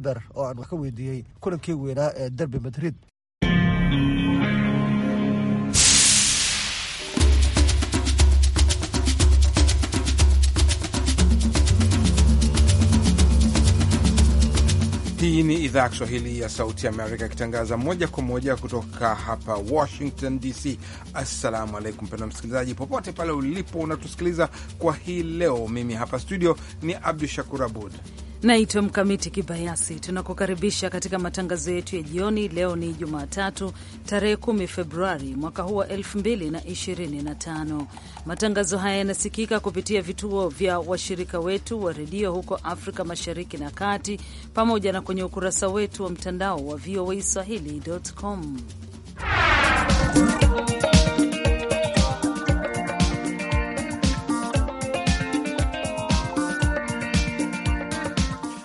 ber oo aan ka weydiiyey kulankii weynaa ee derbi madrid Hii ni idhaa ya Kiswahili ya Sauti Amerika ikitangaza moja kwa moja kutoka hapa Washington DC. Assalamu alaikum pendo msikilizaji, popote pale ulipo unatusikiliza kwa hii leo. Mimi hapa studio ni Abdu Shakur Abud Naitwa Mkamiti Kibayasi. Tunakukaribisha katika matangazo yetu ya jioni. Leo ni Jumatatu, tarehe 10 Februari mwaka huu wa 2025. Matangazo haya yanasikika kupitia vituo vya washirika wetu wa redio huko Afrika Mashariki na Kati, pamoja na kwenye ukurasa wetu wa mtandao wa VOA Swahili.com.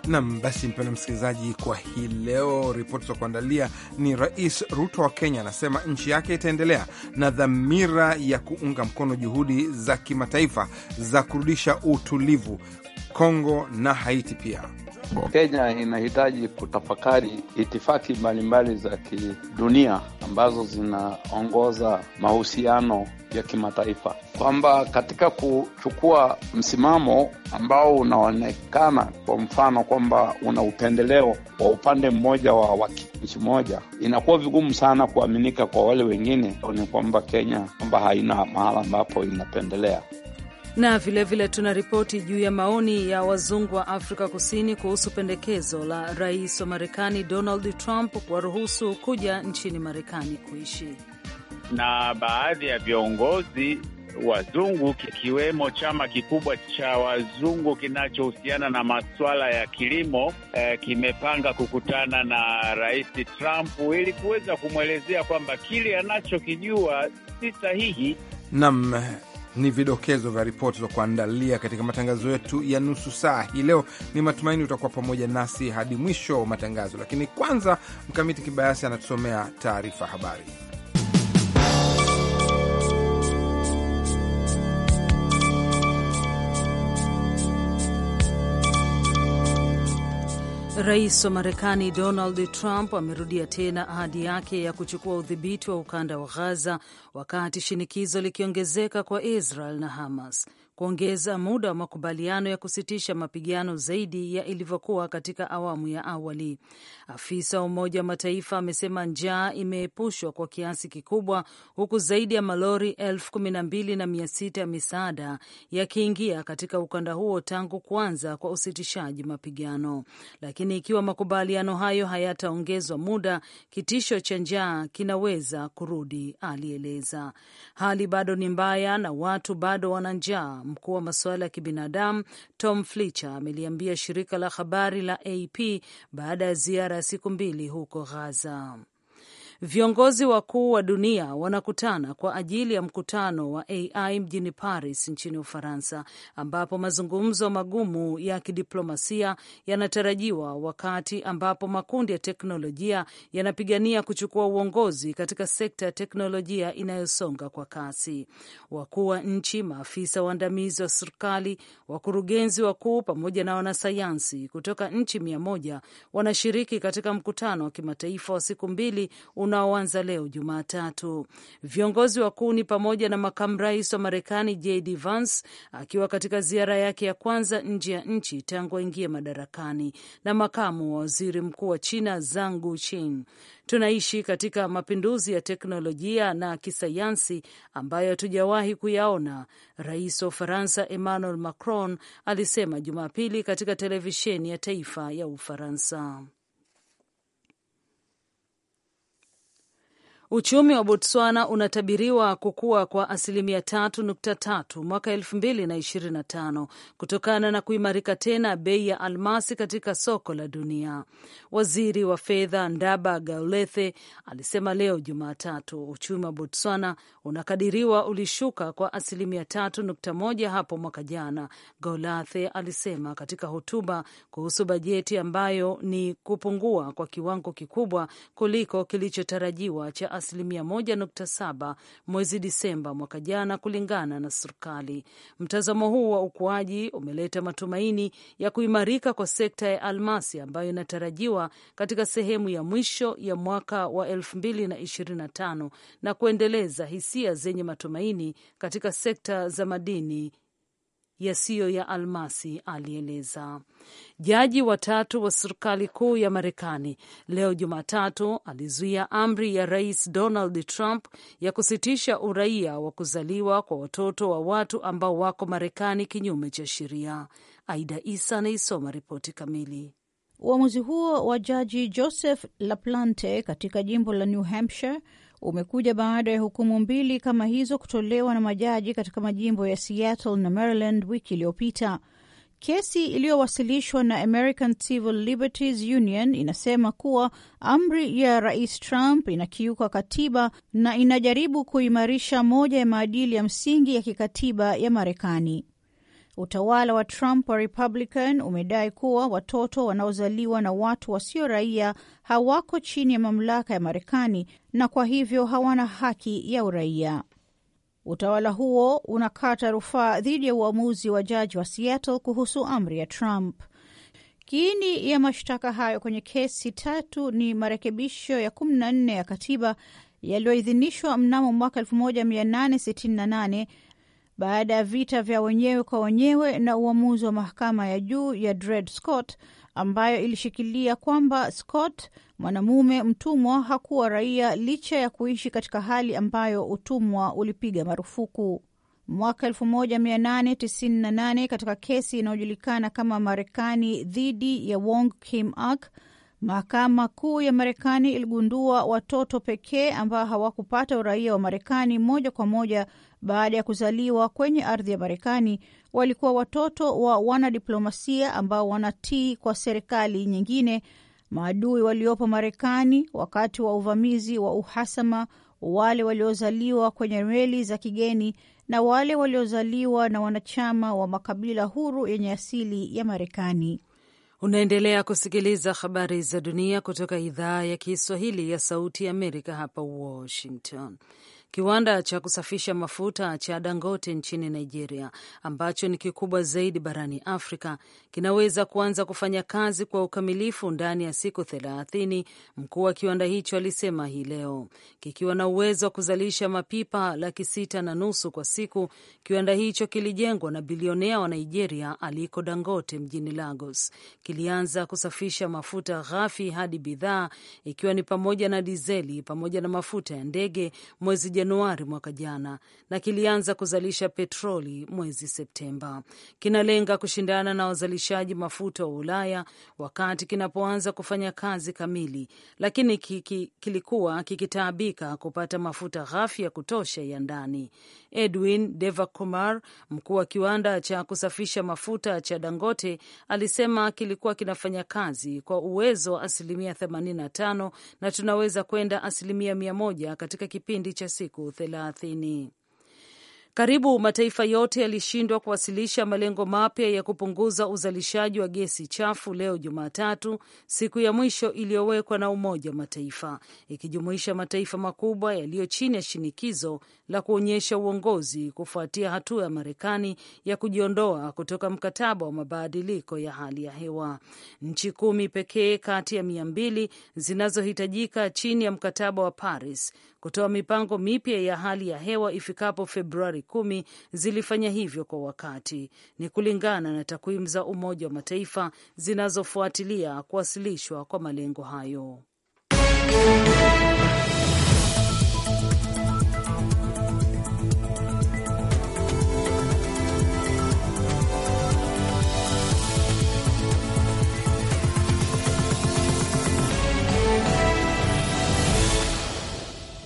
Nam basi, mpendwa msikilizaji, kwa hii leo ripoti za kuandalia ni Rais Ruto wa Kenya anasema nchi yake itaendelea na dhamira ya kuunga mkono juhudi za kimataifa za kurudisha utulivu Kongo na Haiti pia. Kenya inahitaji kutafakari itifaki mbalimbali za kidunia ambazo zinaongoza mahusiano ya kimataifa, kwamba katika kuchukua msimamo ambao unaonekana kwa mfano kwamba una upendeleo wa upande mmoja wa wakinchi moja, inakuwa vigumu sana kuaminika kwa wale wengine, ni kwamba Kenya kwamba haina mahala ambapo inapendelea na vilevile tuna ripoti juu ya maoni ya wazungu wa Afrika Kusini kuhusu pendekezo la rais wa Marekani Donald Trump kuwaruhusu kuja nchini Marekani kuishi. Na baadhi ya viongozi wazungu kikiwemo chama kikubwa cha wazungu kinachohusiana na masuala ya kilimo eh, kimepanga kukutana na rais Trump ili kuweza kumwelezea kwamba kile anachokijua si sahihi. Naam, ni vidokezo vya ripoti za kuandalia katika matangazo yetu ya nusu saa hii leo. Ni matumaini utakuwa pamoja nasi hadi mwisho wa matangazo, lakini kwanza Mkamiti Kibayasi anatusomea taarifa habari. Rais wa Marekani Donald Trump amerudia tena ahadi yake ya kuchukua udhibiti wa ukanda wa Gaza wakati shinikizo likiongezeka kwa Israel na Hamas kuongeza muda wa makubaliano ya kusitisha mapigano zaidi ya ilivyokuwa katika awamu ya awali. Afisa wa Umoja wa Mataifa amesema njaa imeepushwa kwa kiasi kikubwa, huku zaidi ya malori elfu kumi na mbili na mia sita ya misaada yakiingia katika ukanda huo tangu kuanza kwa usitishaji mapigano. Lakini ikiwa makubaliano hayo hayataongezwa muda, kitisho cha njaa kinaweza kurudi, alieleza. Hali bado ni mbaya na watu bado wana njaa mkuu wa masuala ya kibinadamu Tom Fletcher ameliambia shirika la habari la AP baada ya ziara ya siku mbili huko Gaza. Viongozi wakuu wa dunia wanakutana kwa ajili ya mkutano wa AI mjini Paris nchini Ufaransa, ambapo mazungumzo magumu ya kidiplomasia yanatarajiwa wakati ambapo makundi ya teknolojia yanapigania kuchukua uongozi katika sekta ya teknolojia inayosonga kwa kasi. Wakuu wa nchi, maafisa waandamizi wa serikali, wakurugenzi wakuu pamoja na wanasayansi kutoka nchi mia moja wanashiriki katika mkutano wa kimataifa wa siku mbili unaoanza leo Jumatatu. Viongozi wakuu ni pamoja na makamu rais wa Marekani JD Vance akiwa katika ziara yake ya kwanza nje ya nchi tangu aingie madarakani na makamu wa waziri mkuu wa China Zhang Guoqin. Tunaishi katika mapinduzi ya teknolojia na kisayansi ambayo hatujawahi kuyaona, rais wa Ufaransa Emmanuel Macron alisema Jumapili katika televisheni ya taifa ya Ufaransa. Uchumi wa Botswana unatabiriwa kukua kwa asilimia tatu nukta tatu mwaka elfu mbili na ishirini na tano kutokana na kuimarika tena bei ya almasi katika soko la dunia. Waziri wa fedha Ndaba Gaulethe alisema leo Jumatatu uchumi wa Botswana unakadiriwa ulishuka kwa asilimia tatu nukta moja hapo mwaka jana. Gaulethe alisema katika hotuba kuhusu bajeti ambayo ni kupungua kwa kiwango kikubwa kuliko kilichotarajiwa cha asilimia 1.7 mwezi Disemba mwaka jana, kulingana na serikali. Mtazamo huu wa ukuaji umeleta matumaini ya kuimarika kwa sekta ya almasi ambayo inatarajiwa katika sehemu ya mwisho ya mwaka wa 2025 na kuendeleza hisia zenye matumaini katika sekta za madini yasiyo ya almasi, alieleza. Jaji watatu wa serikali kuu ya Marekani leo Jumatatu alizuia amri ya Rais Donald Trump ya kusitisha uraia wa kuzaliwa kwa watoto wa watu ambao wako Marekani kinyume cha sheria. Aida Isa anaisoma ripoti kamili. Uamuzi huo wa jaji Joseph Laplante katika jimbo la New Hampshire umekuja baada ya hukumu mbili kama hizo kutolewa na majaji katika majimbo ya Seattle na Maryland wiki iliyopita. Kesi iliyowasilishwa na American Civil Liberties Union inasema kuwa amri ya Rais Trump inakiuka katiba na inajaribu kuimarisha moja ya maadili ya msingi ya kikatiba ya Marekani. Utawala wa Trump wa Republican umedai kuwa watoto wanaozaliwa na watu wasio raia hawako chini ya mamlaka ya Marekani na kwa hivyo hawana haki ya uraia. Utawala huo unakata rufaa dhidi ya uamuzi wa jaji wa Seattle kuhusu amri ya Trump. Kiini ya mashtaka hayo kwenye kesi tatu ni marekebisho ya 14 ya katiba yaliyoidhinishwa mnamo mwaka 1868 baada ya vita vya wenyewe kwa wenyewe na uamuzi wa mahakama ya juu ya Dred Scott ambayo ilishikilia kwamba Scott mwanamume mtumwa hakuwa raia licha ya kuishi katika hali ambayo utumwa ulipiga marufuku. Mwaka 1898 katika kesi inayojulikana kama Marekani dhidi ya Wong Kim Ark Mahakama Kuu ya Marekani iligundua watoto pekee ambao hawakupata uraia wa Marekani moja kwa moja baada ya kuzaliwa kwenye ardhi ya Marekani walikuwa watoto wa wanadiplomasia ambao wanatii kwa serikali nyingine, maadui waliopo Marekani wakati wa uvamizi wa uhasama, wale waliozaliwa kwenye meli za kigeni na wale waliozaliwa na wanachama wa makabila huru yenye asili ya Marekani. Unaendelea kusikiliza habari za dunia kutoka idhaa ya Kiswahili ya Sauti ya Amerika hapa Washington. Kiwanda cha kusafisha mafuta cha Dangote nchini Nigeria, ambacho ni kikubwa zaidi barani Afrika, kinaweza kuanza kufanya kazi kwa ukamilifu ndani ya siku thelathini, mkuu wa kiwanda hicho alisema hii leo. Kikiwa na uwezo wa kuzalisha mapipa laki sita na nusu kwa siku, kiwanda hicho kilijengwa na bilionea wa Nigeria Aliko Dangote mjini Lagos. Kilianza kusafisha mafuta ghafi hadi bidhaa, ikiwa ni pamoja na dizeli pamoja na mafuta ya ndege mwezi Januari mwaka jana na kilianza kuzalisha petroli mwezi Septemba. Kinalenga kushindana na wazalishaji mafuta wa Ulaya wakati kinapoanza kufanya kazi kamili, lakini kiki, kilikuwa kikitaabika kupata mafuta ghafi ya kutosha ya ndani. Edwin Devakumar, mkuu wa kiwanda cha kusafisha mafuta cha Dangote, alisema kilikuwa kinafanya kazi kwa uwezo wa asilimia 85 na tunaweza kwenda asilimia 1 katika kipindi cha siku siku thelathini. Karibu mataifa yote yalishindwa kuwasilisha malengo mapya ya kupunguza uzalishaji wa gesi chafu leo Jumatatu, siku ya mwisho iliyowekwa na Umoja wa Mataifa, ikijumuisha mataifa makubwa yaliyo chini ya shinikizo la kuonyesha uongozi kufuatia hatua ya Marekani ya kujiondoa kutoka mkataba wa mabadiliko ya hali ya hewa. Nchi kumi pekee kati ya mia mbili zinazohitajika chini ya mkataba wa Paris kutoa mipango mipya ya hali ya hewa ifikapo Februari kumi zilifanya hivyo kwa wakati, ni kulingana na takwimu za Umoja wa Mataifa zinazofuatilia kuwasilishwa kwa malengo hayo.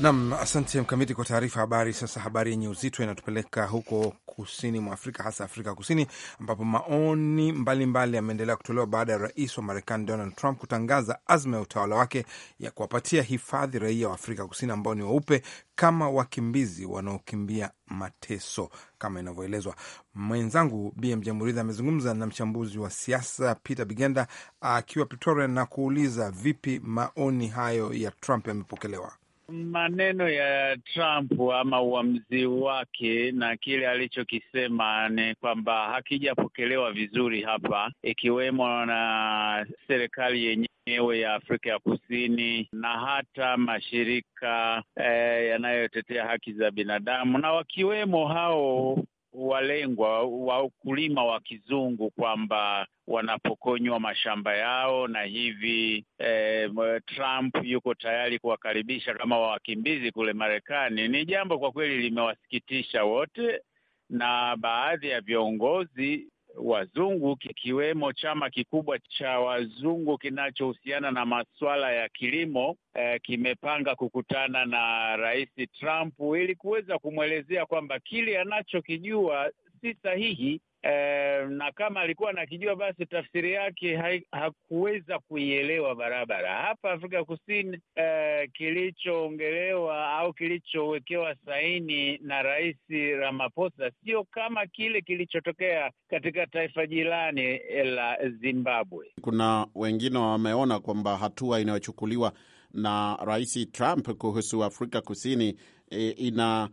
Nam, asante Mkamiti kwa taarifa habari. Sasa habari yenye uzito inatupeleka huko kusini mwa Afrika, hasa Afrika Kusini, ambapo maoni mbalimbali yameendelea kutolewa baada ya rais wa Marekani Donald Trump kutangaza azma ya utawala wake ya kuwapatia hifadhi raia wa Afrika Kusini ambao ni weupe kama wakimbizi wanaokimbia mateso kama inavyoelezwa. Mwenzangu BMJ Muridhi amezungumza na mchambuzi wa siasa Peter Bigenda akiwa Pretoria na kuuliza vipi maoni hayo ya Trump yamepokelewa maneno ya Trump ama uamuzi wake na kile alichokisema ni kwamba hakijapokelewa vizuri hapa, ikiwemo na serikali yenyewe ya Afrika ya Kusini na hata mashirika eh, yanayotetea haki za binadamu na wakiwemo hao walengwa wakulima wa kizungu kwamba wanapokonywa mashamba yao na hivi eh, Trump yuko tayari kuwakaribisha kama wawakimbizi kule Marekani. Ni jambo kwa kweli limewasikitisha wote na baadhi ya viongozi wazungu kikiwemo chama kikubwa cha wazungu kinachohusiana na masuala ya kilimo eh, kimepanga kukutana na Rais Trump ili kuweza kumwelezea kwamba kile anachokijua si sahihi e, na kama alikuwa nakijua basi tafsiri yake hakuweza kuielewa barabara. Hapa Afrika Kusini e, kilichoongelewa au kilichowekewa saini na Rais Ramaphosa sio kama kile kilichotokea katika taifa jirani eh, la Zimbabwe. Kuna wengine wameona kwamba hatua inayochukuliwa na Rais Trump kuhusu Afrika Kusini e, ina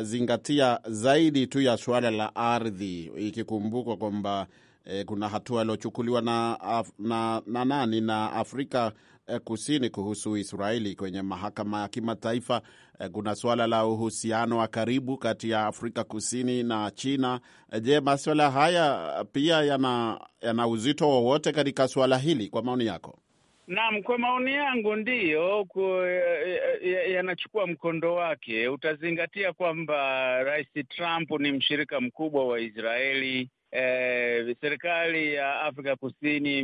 zingatia zaidi tu ya suala la ardhi, ikikumbukwa kwamba e, kuna hatua iliyochukuliwa na, na, na nani na Afrika eh, Kusini kuhusu Israeli kwenye mahakama ya kimataifa. Eh, kuna suala la uhusiano wa karibu kati ya Afrika Kusini na China. Je, maswala haya pia yana, yana uzito wowote katika suala hili kwa maoni yako? Naam, kwa maoni yangu ndiyo eh, eh, eh, yanachukua ya, ya mkondo wake. Utazingatia kwamba Rais Trump ni mshirika mkubwa wa Israeli. Eh, serikali ya Afrika Kusini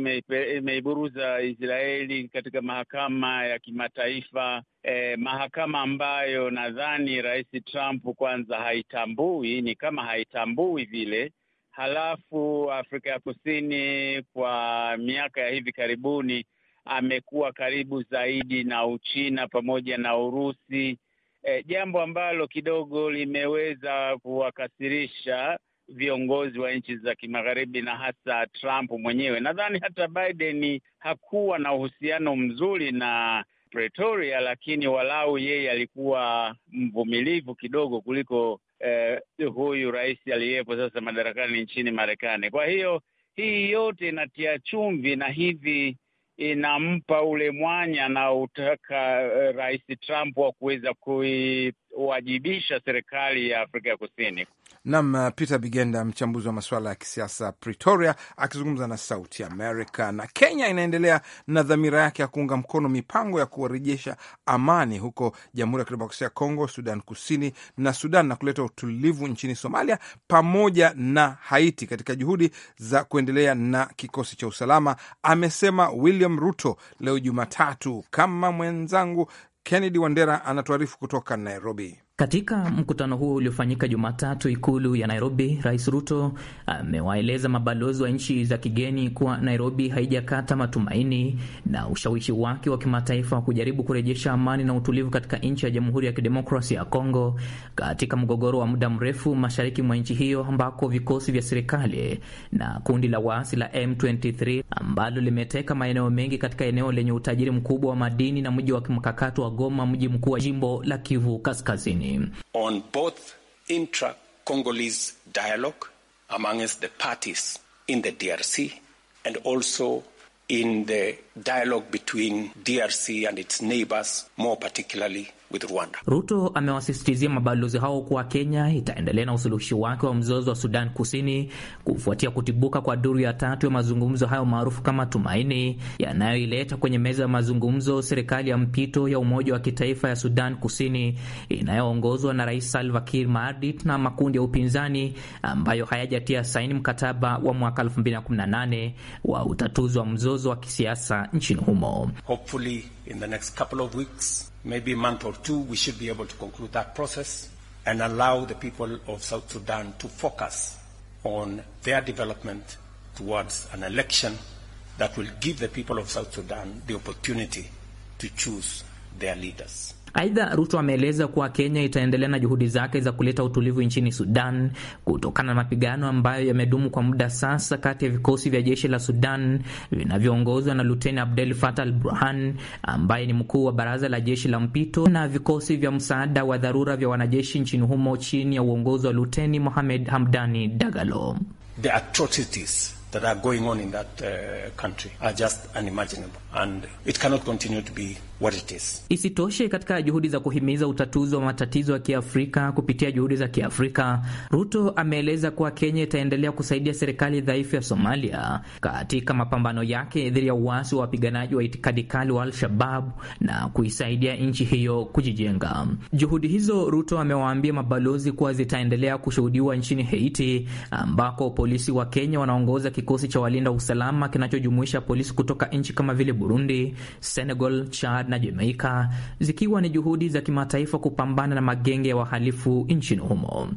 imeiburuza Israeli katika mahakama ya kimataifa eh, mahakama ambayo nadhani Rais Trump kwanza haitambui, ni kama haitambui vile. Halafu Afrika ya Kusini kwa miaka ya hivi karibuni amekuwa karibu zaidi na Uchina pamoja na Urusi, e, jambo ambalo kidogo limeweza kuwakasirisha viongozi wa nchi za kimagharibi na hasa Trump mwenyewe. Nadhani hata Biden hakuwa na uhusiano mzuri na Pretoria, lakini walau yeye alikuwa mvumilivu kidogo kuliko eh, huyu rais aliyepo sasa madarakani nchini Marekani. Kwa hiyo hii yote inatia chumvi na hivi inampa ule mwanya uh, Rais Trump wa kuweza kuiwajibisha serikali ya Afrika ya Kusini. Nam uh, Peter Bigenda, mchambuzi wa masuala ya kisiasa Pretoria, akizungumza na Sauti Amerika. Na Kenya inaendelea na dhamira yake ya kuunga mkono mipango ya kuwarejesha amani huko Jamhuri ya Kidemokrasia ya Kongo, Sudan Kusini na Sudan, na kuleta utulivu nchini Somalia pamoja na Haiti, katika juhudi za kuendelea na kikosi cha usalama, amesema William Ruto leo Jumatatu, kama mwenzangu Kennedy Wandera anatuarifu kutoka Nairobi. Katika mkutano huo uliofanyika Jumatatu ikulu ya Nairobi, Rais Ruto amewaeleza mabalozi wa nchi za kigeni kuwa Nairobi haijakata matumaini na ushawishi wake wa kimataifa wa kujaribu kurejesha amani na utulivu katika nchi ya Jamhuri ya Kidemokrasia ya Kongo, katika mgogoro wa muda mrefu mashariki mwa nchi hiyo ambako vikosi vya serikali na kundi la waasi la M23 ambalo limeteka maeneo mengi katika eneo lenye utajiri mkubwa wa madini na mji wa kimkakati wa Goma, mji mkuu wa jimbo la Kivu Kaskazini. On both intra-Congolese dialogue amongst the parties in the DRC and also in the dialogue between DRC and its neighbors, more particularly with Rwanda. Ruto amewasisitizia mabalozi hao kuwa Kenya itaendelea na usuluhishi wake wa mzozo wa Sudan Kusini kufuatia kutibuka kwa duru ya tatu ya mazungumzo hayo maarufu kama Tumaini, yanayoileta kwenye meza ya mazungumzo serikali ya mpito ya umoja wa kitaifa ya Sudan Kusini inayoongozwa na Rais Salva Kiir Mayardit na makundi ya upinzani ambayo hayajatia saini mkataba wa mwaka 2018 wa utatuzi wa mzozo wa kisiasa nchini humo. Hopefully in the next couple of weeks maybe a month or two, we should be able to conclude that process and allow the people of South Sudan to focus on their development towards an election that will give the people of South Sudan the opportunity to choose their leaders. Aidha, Ruto ameeleza kuwa Kenya itaendelea na juhudi zake za kuleta utulivu nchini Sudan kutokana na mapigano ambayo yamedumu kwa muda sasa kati ya vikosi vya jeshi la Sudan vinavyoongozwa na Luteni Abdel Fattah al-Burhan ambaye ni mkuu wa baraza la jeshi la mpito na vikosi vya msaada wa dharura vya wanajeshi nchini humo chini ya uongozi wa Luteni Mohamed Hamdani Dagalo. The atrocities that are going on in that, uh, country are just unimaginable. And it cannot continue to be what it is. Isitoshe, katika juhudi za kuhimiza utatuzi wa matatizo ya Kiafrika kupitia juhudi za Kiafrika, Ruto ameeleza kuwa Kenya itaendelea kusaidia serikali dhaifu ya Somalia katika mapambano yake dhidi ya uasi wa wapiganaji wa itikadi kali wa Al-Shabab na kuisaidia nchi hiyo kujijenga. Juhudi hizo, Ruto amewaambia mabalozi kuwa zitaendelea kushuhudiwa nchini Haiti, ambako polisi wa Kenya wanaongoza kikosi cha walinda usalama kinachojumuisha polisi kutoka nchi kama vile Burundi, Senegal, Chad na Jamaika, zikiwa ni juhudi za kimataifa kupambana na magenge ya wa wahalifu nchini humo.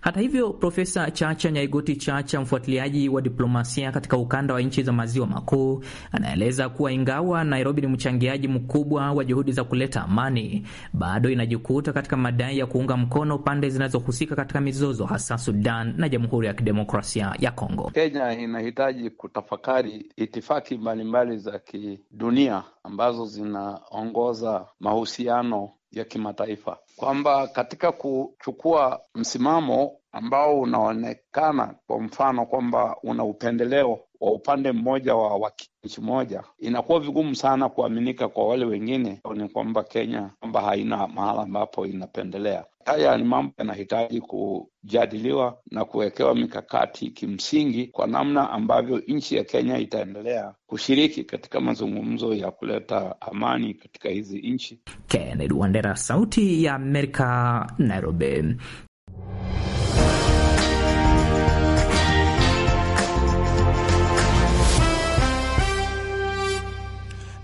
Hata hivyo, Profesa Chacha Nyaigoti Chacha, mfuatiliaji wa diplomasia katika ukanda wa nchi za maziwa makuu, anaeleza kuwa ingawa Nairobi ni mchangiaji mkubwa wa juhudi za kuleta amani, bado inajikuta katika madai ya kuunga mkono pande zinazohusika katika mizozo, hasa Sudan na Jamhuri ya Kidemokrasia ya Kongo. Kenya inahitaji kutafakari itifaki mbalimbali za ki dunia ambazo zinaongoza mahusiano ya kimataifa, kwamba katika kuchukua msimamo ambao unaonekana kwa mfano kwamba una upendeleo wa upande mmoja wa wakinchi moja, inakuwa vigumu sana kuaminika kwa wale wengine ni kwamba Kenya kwamba haina mahala ambapo inapendelea. Haya ni mambo yanahitaji kujadiliwa na kuwekewa mikakati kimsingi, kwa namna ambavyo nchi ya Kenya itaendelea kushiriki katika mazungumzo ya kuleta amani katika hizi nchi. Kennedy Wandera, Sauti ya Amerika, Nairobi.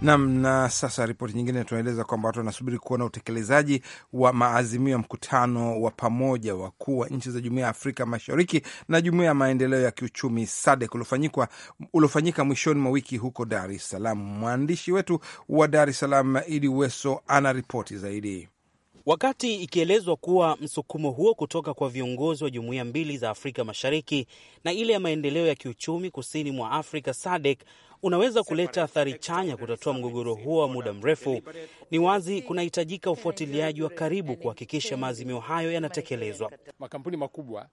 Nam na sasa, ripoti nyingine tunaeleza kwamba watu wanasubiri kuona utekelezaji wa maazimio ya mkutano wa pamoja wakuu wa nchi za Jumuiya ya Afrika Mashariki na Jumuiya ya Maendeleo ya Kiuchumi SADC uliofanyika mwishoni mwa wiki huko Dar es Salaam. Mwandishi wetu wa Dar es Salaam Idi Weso ana ripoti zaidi. Wakati ikielezwa kuwa msukumo huo kutoka kwa viongozi wa jumuiya mbili za Afrika Mashariki na ile ya maendeleo ya kiuchumi kusini mwa Afrika SADC unaweza kuleta athari chanya kutatua mgogoro huo wa muda mrefu. Ni wazi kunahitajika ufuatiliaji wa karibu kuhakikisha maazimio hayo yanatekelezwa. Makampuni makubwa.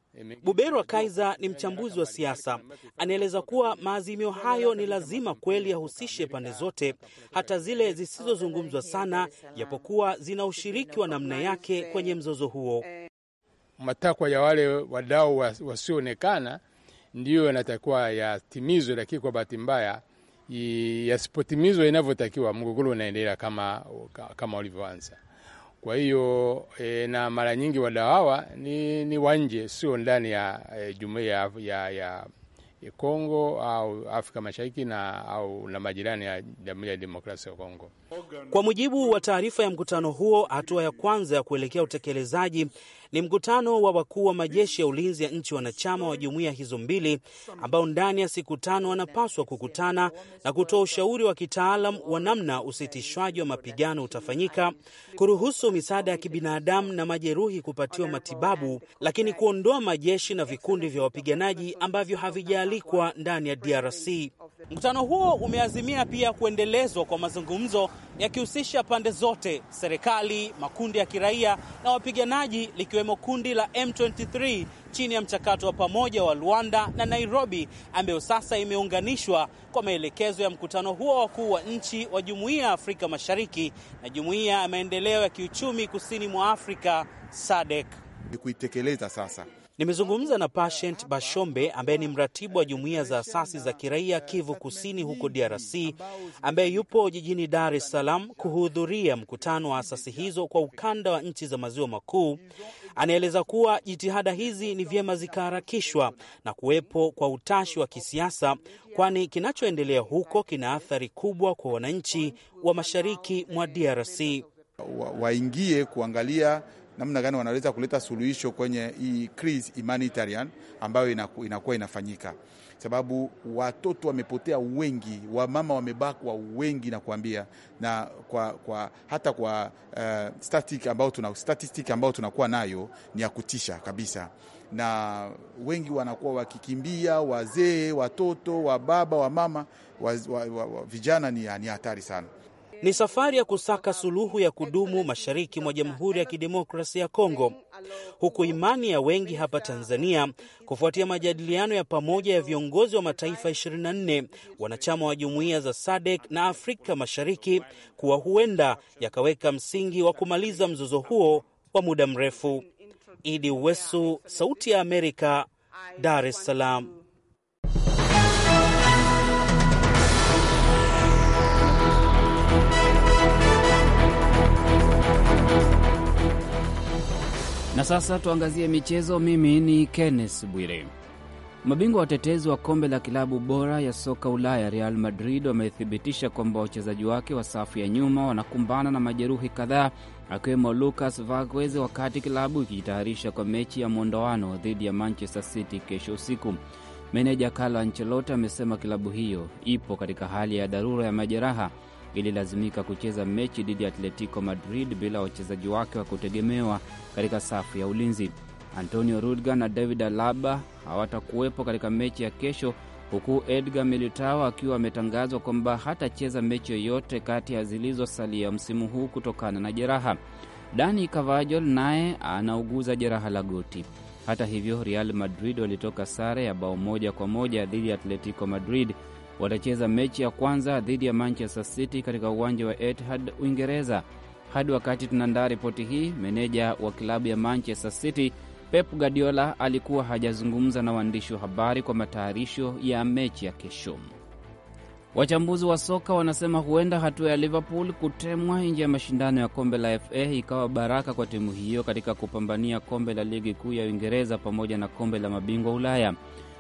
Buberwa Kaiza ni mchambuzi wa siasa, anaeleza kuwa maazimio hayo ni lazima kweli yahusishe pande zote, hata zile zisizozungumzwa sana, japokuwa zina ushiriki wa namna yake kwenye mzozo huo. Matakwa ya wale wadau wasioonekana ndiyo yanatakiwa yatimizwe, lakini kwa bahati mbaya yasipotimizwa inavyotakiwa, mgogoro unaendelea kama, kama ulivyoanza. Kwa hiyo e, na mara nyingi wadau hawa ni, ni wanje, sio ndani ya e, jumuiya ya, ya Kongo au Afrika Mashariki na au na majirani ya Jamhuri ya Demokrasia ya Kongo. Kwa mujibu wa taarifa ya mkutano huo, hatua ya kwanza ya kuelekea utekelezaji ni mkutano wa wakuu wa majeshi ya ulinzi ya nchi wanachama wa jumuiya hizo mbili ambao ndani ya siku tano wanapaswa kukutana na kutoa ushauri wa kitaalam wa namna usitishwaji wa mapigano utafanyika, kuruhusu misaada ya kibinadamu na majeruhi kupatiwa matibabu, lakini kuondoa majeshi na vikundi vya wapiganaji ambavyo havijaalikwa ndani ya DRC. Mkutano huo umeazimia pia kuendelezwa kwa mazungumzo yakihusisha pande zote, serikali, makundi ya kiraia na wapiganaji likiwemo kundi la M23 chini ya mchakato wa pamoja wa Luanda na Nairobi ambayo sasa imeunganishwa kwa maelekezo ya mkutano huo wakuu wa nchi wa Jumuiya ya Afrika Mashariki na Jumuiya ya Maendeleo ya Kiuchumi Kusini mwa Afrika SADC. Ni kuitekeleza sasa Nimezungumza na Patient Bashombe ambaye ni mratibu wa jumuiya za asasi za kiraia Kivu Kusini huko DRC, ambaye yupo jijini Dar es Salaam kuhudhuria mkutano wa asasi hizo kwa ukanda wa nchi za maziwa makuu. Anaeleza kuwa jitihada hizi ni vyema zikaharakishwa na kuwepo kwa utashi wa kisiasa, kwani kinachoendelea huko kina athari kubwa kwa wananchi wa mashariki mwa DRC. Waingie kuangalia namna gani wanaweza kuleta suluhisho kwenye hii crisis humanitarian ambayo inaku, inakuwa inafanyika, sababu watoto wamepotea wengi, wamama wamebakwa wengi na kuambia na kwa, kwa, hata kwa uh, eh, statistic ambao tuna statistic ambao tunakuwa nayo ni ya kutisha kabisa, na wengi wanakuwa wakikimbia, wazee, watoto, wababa, wamama, wa, wa, wa, wa, vijana ni hatari sana. Ni safari ya kusaka suluhu ya kudumu mashariki mwa Jamhuri ya Kidemokrasia ya Kongo, huku imani ya wengi hapa Tanzania kufuatia majadiliano ya pamoja ya viongozi wa mataifa 24 wanachama wa jumuiya za SADC na Afrika Mashariki kuwa huenda yakaweka msingi wa kumaliza mzozo huo wa muda mrefu. Idi Wesu, Sauti ya Amerika, Dar es Salaam. Na sasa tuangazie michezo. Mimi ni Kenneth Bwire. Mabingwa watetezi wa kombe la kilabu bora ya soka Ulaya, Real Madrid, wamethibitisha kwamba wachezaji wake wa safu ya nyuma wanakumbana na majeruhi kadhaa, akiwemo Lucas Vazquez, wakati kilabu ikijitayarisha kwa mechi ya mwondoano dhidi ya Manchester City kesho usiku. Meneja Carlo Ancelotti amesema kilabu hiyo ipo katika hali ya dharura ya majeraha ililazimika kucheza mechi dhidi ya Atletico Madrid bila wachezaji wake wa kutegemewa katika safu ya ulinzi. Antonio Rudiger na David Alaba hawatakuwepo katika mechi ya kesho, huku Edgar Militao akiwa ametangazwa kwamba hatacheza mechi yoyote kati ya zilizosalia msimu huu kutokana na jeraha. Dani Carvajal naye anauguza jeraha la goti. Hata hivyo, Real Madrid walitoka sare ya bao moja kwa moja dhidi ya Atletico Madrid watacheza mechi ya kwanza dhidi ya Manchester City katika uwanja wa Etihad, Uingereza. Hadi wakati tunaandaa ripoti hii, meneja wa klabu ya Manchester City Pep Guardiola alikuwa hajazungumza na waandishi wa habari kwa matayarisho ya mechi ya kesho. Wachambuzi wa soka wanasema huenda hatua ya Liverpool kutemwa nje ya mashindano ya kombe la FA ikawa baraka kwa timu hiyo katika kupambania kombe la ligi kuu ya Uingereza pamoja na kombe la mabingwa Ulaya.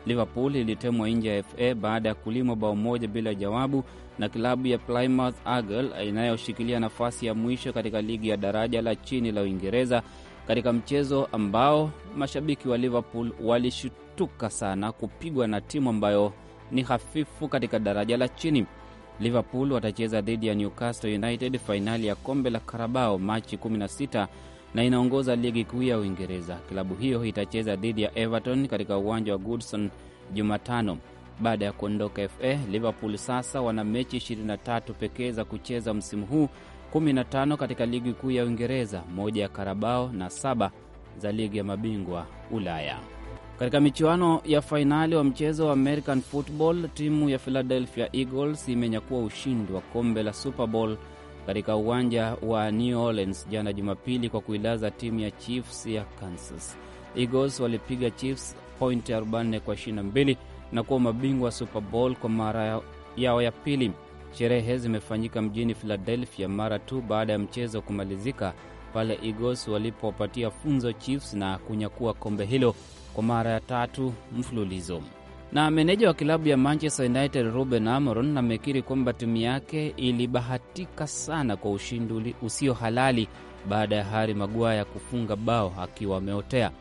Liverpool ilitemwa nje ya FA baada ya kulimwa bao moja bila jawabu na klabu ya Plymouth Argyle inayoshikilia nafasi ya mwisho katika ligi ya daraja la chini la Uingereza katika mchezo ambao mashabiki wa Liverpool walishutuka sana kupigwa na timu ambayo ni hafifu katika daraja la chini. Liverpool watacheza dhidi ya Newcastle United fainali ya kombe la Karabao Machi 16 na inaongoza ligi kuu ya Uingereza. Klabu hiyo itacheza dhidi ya Everton katika uwanja wa Goodison Jumatano. Baada ya kuondoka FA, Liverpool sasa wana mechi 23 pekee za kucheza msimu huu, 15 katika ligi kuu ya Uingereza, moja ya Karabao na saba za ligi ya mabingwa Ulaya. Katika michuano ya fainali wa mchezo wa American football, timu ya Philadelphia Eagles imenyakua ushindi wa kombe la Super Bowl katika uwanja wa New Orleans jana Jumapili kwa kuilaza timu ya Chiefs ya Kansas. Eagles walipiga Chiefs point 44 kwa 22 na kuwa mabingwa Super Bowl kwa mara yao ya pili. Sherehe zimefanyika mjini Philadelphia mara tu baada ya mchezo kumalizika, pale Eagles walipopatia funzo Chiefs na kunyakua kombe hilo kwa mara ya tatu mfululizo. Na meneja wa klabu ya Manchester United Ruben Amorim amekiri kwamba timu yake ilibahatika sana kwa ushindi usio halali baada ya Harry Maguire kufunga bao akiwa ameotea.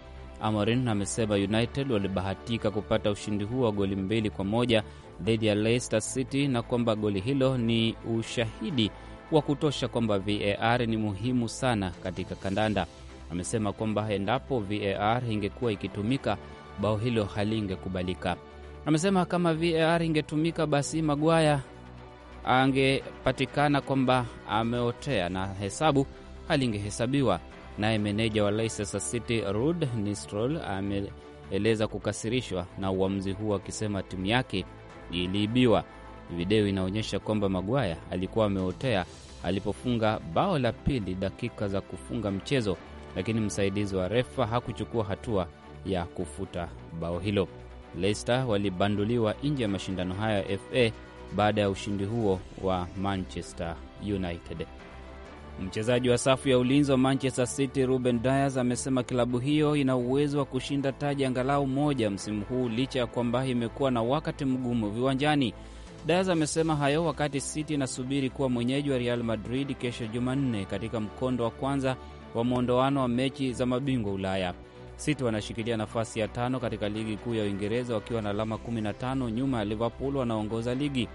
Amorim amesema United walibahatika kupata ushindi huo wa goli mbili kwa moja dhidi ya Leicester City na kwamba goli hilo ni ushahidi wa kutosha kwamba VAR ni muhimu sana katika kandanda. Amesema kwamba endapo VAR ingekuwa ikitumika bao hilo halingekubalika. Amesema kama VAR ingetumika basi Magwaya angepatikana kwamba ameotea na hesabu halingehesabiwa. Naye meneja wa Leicester City Rud Nistrol ameeleza kukasirishwa na uamuzi huo, akisema timu yake iliibiwa. Video inaonyesha kwamba Magwaya alikuwa ameotea alipofunga bao la pili dakika za kufunga mchezo, lakini msaidizi wa refa hakuchukua hatua ya kufuta bao hilo. Leicester walibanduliwa nje ya mashindano hayo ya FA baada ya ushindi huo wa Manchester United. Mchezaji wa safu ya ulinzi wa Manchester City Ruben Dias amesema klabu hiyo ina uwezo wa kushinda taji angalau moja msimu huu licha ya kwamba imekuwa na wakati mgumu viwanjani. Dias amesema hayo wakati City inasubiri kuwa mwenyeji wa Real Madrid kesho Jumanne katika mkondo wa kwanza wa mwondoano wa mechi za mabingwa Ulaya. City wanashikilia nafasi ya tano katika ligi kuu ya Uingereza wakiwa na alama 15 nyuma ya Liverpool wanaongoza ligi.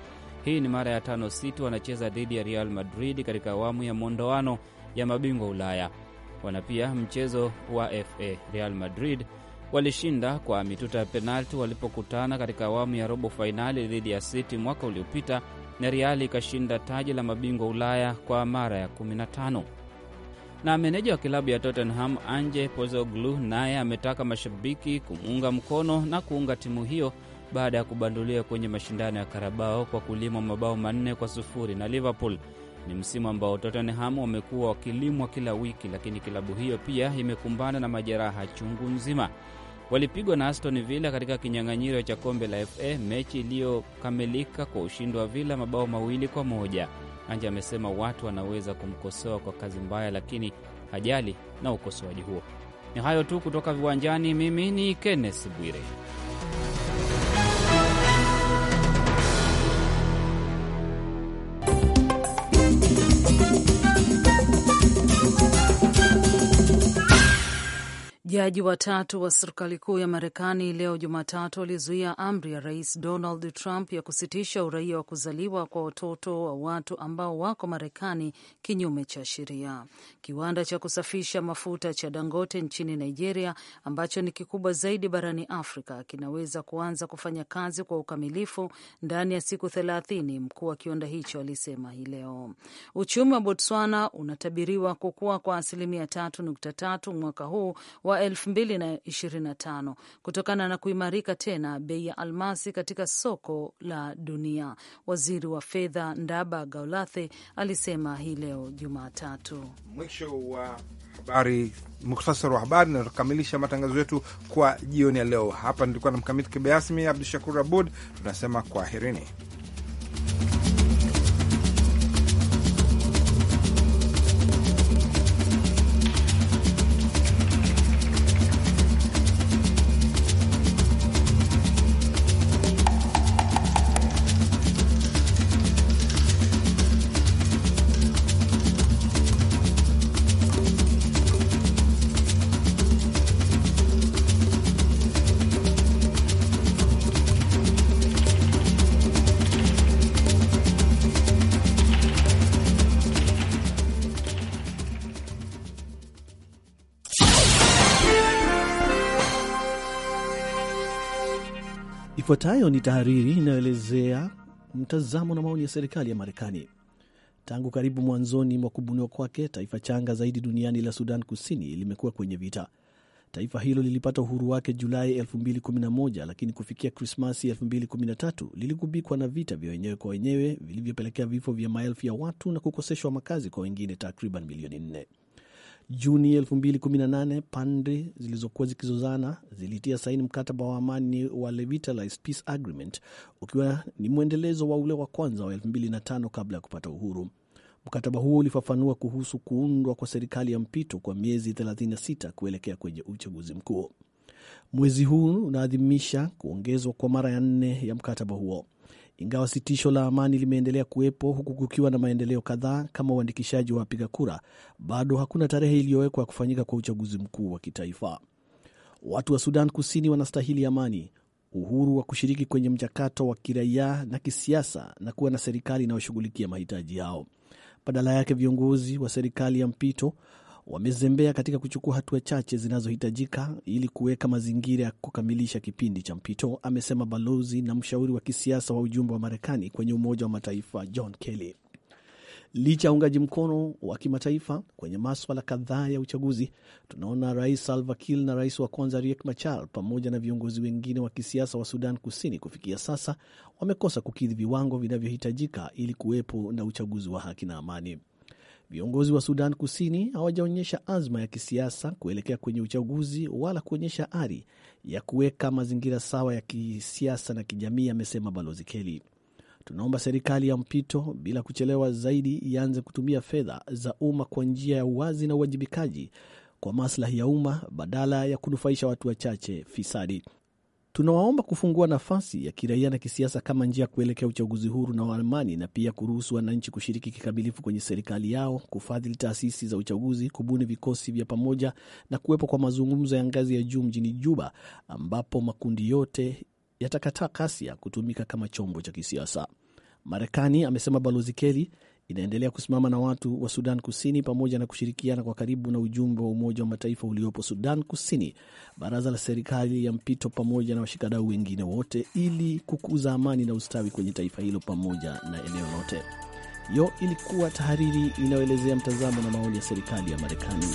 Hii ni mara ya tano City wanacheza dhidi ya Real Madrid katika awamu ya mwondoano ya mabingwa Ulaya. Wana pia mchezo wa FA. Real Madrid walishinda kwa mituta ya penalti walipokutana katika awamu ya robo fainali dhidi ya City mwaka uliopita, na Real ikashinda taji la mabingwa Ulaya kwa mara ya 15. Na meneja wa klabu ya Tottenham Anje Pozoglu naye ametaka mashabiki kumuunga mkono na kuunga timu hiyo baada ya kubanduliwa kwenye mashindano ya Karabao kwa kulimwa mabao manne kwa sufuri na Liverpool. Ni msimu ambao Tottenham wamekuwa wakilimwa kila wiki, lakini klabu hiyo pia imekumbana na majeraha chungu nzima. Walipigwa na Aston Villa katika kinyang'anyiro cha kombe la FA, mechi iliyokamilika kwa ushindi wa Villa mabao mawili kwa moja. Anje amesema watu wanaweza kumkosoa kwa kazi mbaya, lakini hajali na ukosoaji huo. Ni hayo tu kutoka viwanjani. Mimi ni Kenneth Bwire. Jaji watatu wa serikali kuu ya Marekani leo Jumatatu walizuia amri ya rais Donald Trump ya kusitisha uraia wa kuzaliwa kwa watoto wa watu ambao wako Marekani kinyume cha sheria. Kiwanda cha kusafisha mafuta cha Dangote nchini Nigeria, ambacho ni kikubwa zaidi barani Afrika, kinaweza kuanza kufanya kazi kwa ukamilifu ndani ya siku thelathini, mkuu wa kiwanda hicho alisema hii leo. Uchumi wa Botswana unatabiriwa kukua kwa asilimia tatu nukta tatu mwaka huu wa 225 kutokana na kuimarika tena bei ya almasi katika soko la dunia, waziri wa fedha Ndaba Gaulathe alisema hii leo Jumatatu. Mwisho wa habari, muhtasari wa habari nakamilisha matangazo yetu kwa jioni ya leo. Hapa nilikuwa na Mkamiti Kibayasmi Abdu Shakur Abud, tunasema kwaherini. Hiyo ni tahariri inayoelezea mtazamo na maoni ya serikali ya Marekani. Tangu karibu mwanzoni mwa kubuniwa kwake, taifa changa zaidi duniani la Sudan Kusini limekuwa kwenye vita. Taifa hilo lilipata uhuru wake Julai 2011 lakini kufikia Krismasi 2013 liligubikwa na vita vya wenyewe kwa wenyewe vilivyopelekea vifo vya maelfu ya watu na kukoseshwa makazi kwa wengine takriban milioni nne. Juni 2018 pande zilizokuwa zikizozana zilitia saini mkataba wa amani wa Revitalized Peace Agreement ukiwa ni mwendelezo wa ule wa kwanza wa 2005 kabla ya kupata uhuru. Mkataba huo ulifafanua kuhusu kuundwa kwa serikali ya mpito kwa miezi 36 kuelekea kwenye uchaguzi mkuu. Mwezi huu unaadhimisha kuongezwa kwa mara ya nne ya mkataba huo ingawa sitisho la amani limeendelea kuwepo huku kukiwa na maendeleo kadhaa kama uandikishaji wa wapiga kura, bado hakuna tarehe iliyowekwa ya kufanyika kwa uchaguzi mkuu wa kitaifa. Watu wa Sudan Kusini wanastahili amani, uhuru wa kushiriki kwenye mchakato wa kiraia na kisiasa na kuwa na serikali inayoshughulikia mahitaji yao. Badala yake, viongozi wa serikali ya mpito wamezembea katika kuchukua hatua chache zinazohitajika ili kuweka mazingira ya kukamilisha kipindi cha mpito, amesema balozi na mshauri wa kisiasa wa ujumbe wa Marekani kwenye Umoja wa Mataifa John Kelly. Licha ya uungaji mkono wa kimataifa kwenye maswala kadhaa ya uchaguzi, tunaona Rais Salva Kiir na rais wa kwanza Riek Machar pamoja na viongozi wengine wa kisiasa wa Sudan Kusini kufikia sasa wamekosa kukidhi viwango vinavyohitajika ili kuwepo na uchaguzi wa haki na amani. Viongozi wa Sudan Kusini hawajaonyesha azma ya kisiasa kuelekea kwenye uchaguzi wala kuonyesha ari ya kuweka mazingira sawa ya kisiasa na kijamii, amesema Balozi Keli. Tunaomba serikali ya mpito bila kuchelewa zaidi ianze kutumia fedha za umma kwa njia ya uwazi na uwajibikaji kwa maslahi ya umma badala ya kunufaisha watu wachache fisadi. Tunawaomba kufungua nafasi ya kiraia na kisiasa kama njia ya kuelekea uchaguzi huru na waamani na pia kuruhusu wananchi kushiriki kikamilifu kwenye serikali yao, kufadhili taasisi za uchaguzi, kubuni vikosi vya pamoja na kuwepo kwa mazungumzo ya ngazi ya juu mjini Juba, ambapo makundi yote yatakataa kasi ya kutumika kama chombo cha kisiasa. Marekani, amesema Balozi Keli, inaendelea kusimama na watu wa Sudan Kusini pamoja na kushirikiana kwa karibu na ujumbe wa Umoja wa Mataifa uliopo Sudan Kusini, baraza la serikali ya mpito pamoja na washikadau wengine wote ili kukuza amani na ustawi kwenye taifa hilo pamoja na eneo lote. Yo ilikuwa tahariri inayoelezea mtazamo na maoni ya serikali ya Marekani.